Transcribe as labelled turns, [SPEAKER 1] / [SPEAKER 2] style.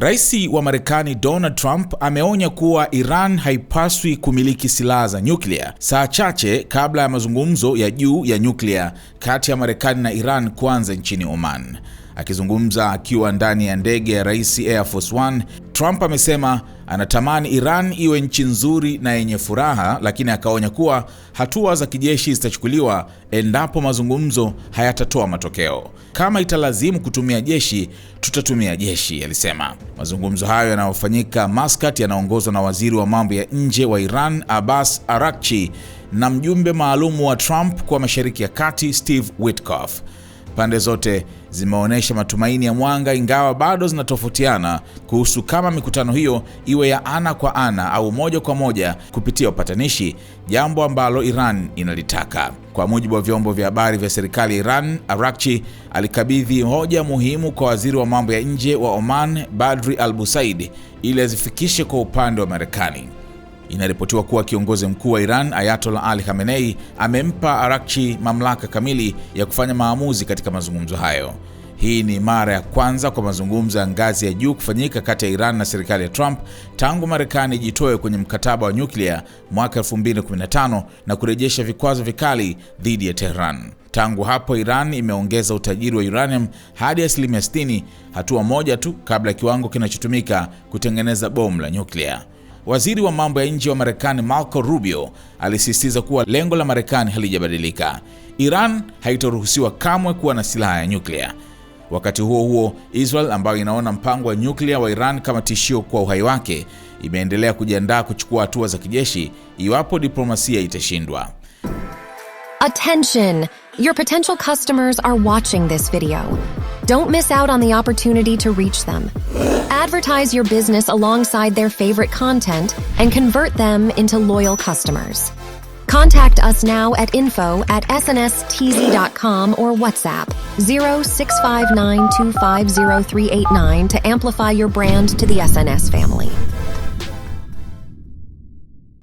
[SPEAKER 1] Rais wa Marekani Donald Trump ameonya kuwa Iran haipaswi kumiliki silaha za nyuklia, saa chache kabla ya mazungumzo ya juu ya nyuklia kati ya Marekani na Iran kuanza nchini Oman. Akizungumza akiwa ndani ya ndege ya rais Air Force One, Trump amesema anatamani Iran iwe nchi nzuri na yenye furaha, lakini akaonya kuwa hatua za kijeshi zitachukuliwa endapo mazungumzo hayatatoa matokeo. Kama italazimu kutumia jeshi, tutatumia jeshi, alisema. Mazungumzo hayo yanayofanyika Maskat yanaongozwa na waziri wa mambo ya nje wa Iran Abbas arakchi na mjumbe maalum wa Trump kwa Mashariki ya Kati Steve Witkoff. Pande zote zimeonyesha matumaini ya mwanga, ingawa bado zinatofautiana kuhusu kama mikutano hiyo iwe ya ana kwa ana au moja kwa moja kupitia upatanishi, jambo ambalo Iran inalitaka. Kwa mujibu wa vyombo vya habari vya serikali Iran, Arakchi alikabidhi hoja muhimu kwa waziri wa mambo ya nje wa Oman, Badri Al Busaidi, ili azifikishe kwa upande wa Marekani. Inaripotiwa kuwa kiongozi mkuu wa Iran Ayatollah Ali Khamenei amempa Arakchi mamlaka kamili ya kufanya maamuzi katika mazungumzo hayo. Hii ni mara ya kwanza kwa mazungumzo ya ngazi ya juu kufanyika kati ya Iran na serikali ya Trump tangu Marekani ijitoe kwenye mkataba wa nyuklia mwaka 2015 na kurejesha vikwazo vikali dhidi ya Tehran. Tangu hapo Iran imeongeza utajiri wa uranium hadi asilimia 60, hatua moja tu kabla ya kiwango kinachotumika kutengeneza bomu la nyuklia. Waziri wa mambo ya nje wa Marekani Marco Rubio alisisitiza kuwa lengo la Marekani halijabadilika: Iran haitaruhusiwa kamwe kuwa na silaha ya nyuklia. Wakati huo huo, Israel ambayo inaona mpango wa nyuklia wa Iran kama tishio kwa uhai wake, imeendelea kujiandaa kuchukua hatua za kijeshi iwapo diplomasia itashindwa.
[SPEAKER 2] Attention, your potential customers are watching this video. Don't miss out on the opportunity to reach them. Advertise your business alongside their favorite content and convert them into loyal customers. Contact us now at info at snstz.com or WhatsApp 0659250389 to amplify your brand to the SNS family.